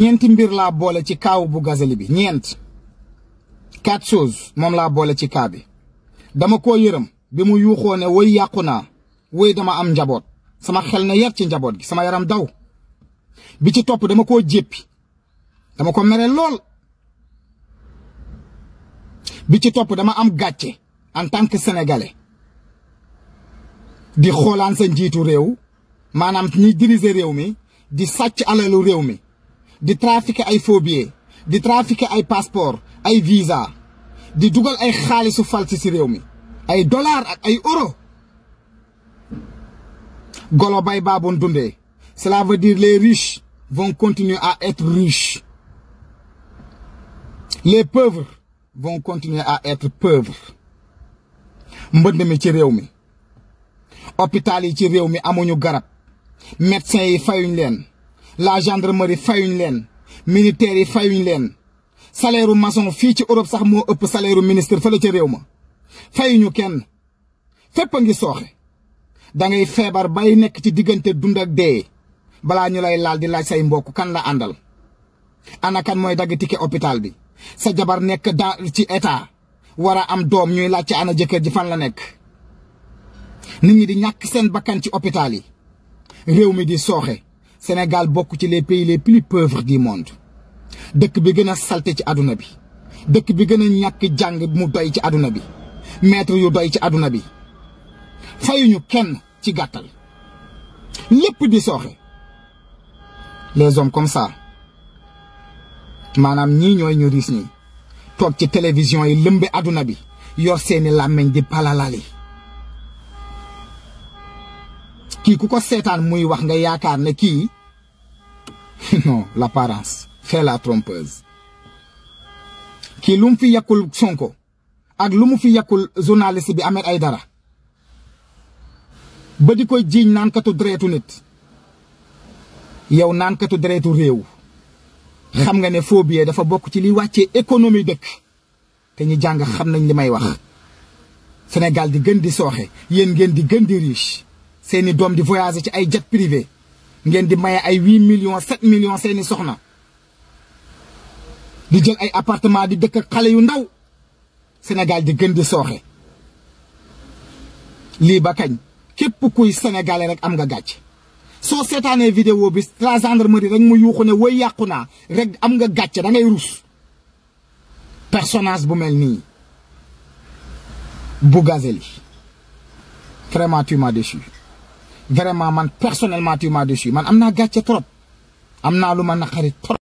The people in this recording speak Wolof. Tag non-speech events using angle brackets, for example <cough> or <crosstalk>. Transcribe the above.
ñeenti mbir laa boole ci kaawu bu Gazali bi ñeent quatre choses moom laa boole ci kaa bi dama ko yërëm bi mu yuuxoo ne woy yàqu naa woy dama am njaboot sama xel na yar ci njaboot gi sama yaram daw bi ci topp dama koo jéppi dama ko mere lool bi ci topp dama am gàcce en tant que sénégalais di xoolaan sa njiitu réew maanaam ñi diriger réew mi di sàcc alalu réew mi di trafiquer ay faux de di trafiquer ay passeport ay visa di dougal ay xaalisu falsi sur réew mi ay dollars ak ay euros golo bay bon dundee cela veut dire les riches vont continuer à être riches les pauvres vont continuer à être pauvres Je mi ci hôpital yi ci garap, médecin amuñu garab médecins yi fayuñ la gendarmerie fayuñ leen militaires yi fayuñ leen salaire u fii ci Europe sax moo ëpp salaire u ministre fële ca réew ma fayuñu kenn fépp a ngi sooxe dangay ngay feebar bay nekk ci diggante dundal ak dee balaa ñu lay laal di laaj say mbokk kan la àndal. ana kan mooy dagg ticket hôpital bi sa jabar nekk dans ci état war a am doom ñuy laaj ci ana jëkkër ji fan la nekk nit ñi di ñàkk seen bakkan ci hôpital yi réew mi di sooxe. Sénégal bokku ci les pays les plus pauvres du monde dëkk bi gën a salte ci àdduna bi dëkk bi gën a ñàkk jàng mu doy ci àdduna bi maître yu doy ci àdduna bi fayuñu kenn ci gàttal ñépp di sooxe les hommes comme ça maanaam ñii ñooy ñu riis ñi toog ci télévision yi lëmbe àdduna bi yor seeni làmmiñ di palalali kii ku ko seetaan muy wax nga yaakaar ne kii <laughs> non l'apparence fait la trompeuse kii lu mu fi yàkkul Sonko ak lu mu fi yàkkul journaliste bi amee ay dara ba di koy jiiñ naankatu deretu nit yow naankatu deretu réew xam nga ne phobie dafa bokk ci li wàccee économie dëkk te ñu jàng xam nañ li may wax Sénégal di gën di sooxe yéen ngeen di gën di riche C'est une de voyager ci ay jet privé ngeen di maye ay 8 millions 7 millions c'est une di appartement di de Sénégal di gën di C'est une ba le képp kuy sénégalais rek am nga gàcc vidéo la rek mu way rek am nga personnage vraiment tu m'as déçu vraiment man personnellement tu m'as déçu man am naa gàcce trop am naa lu ma naqari trop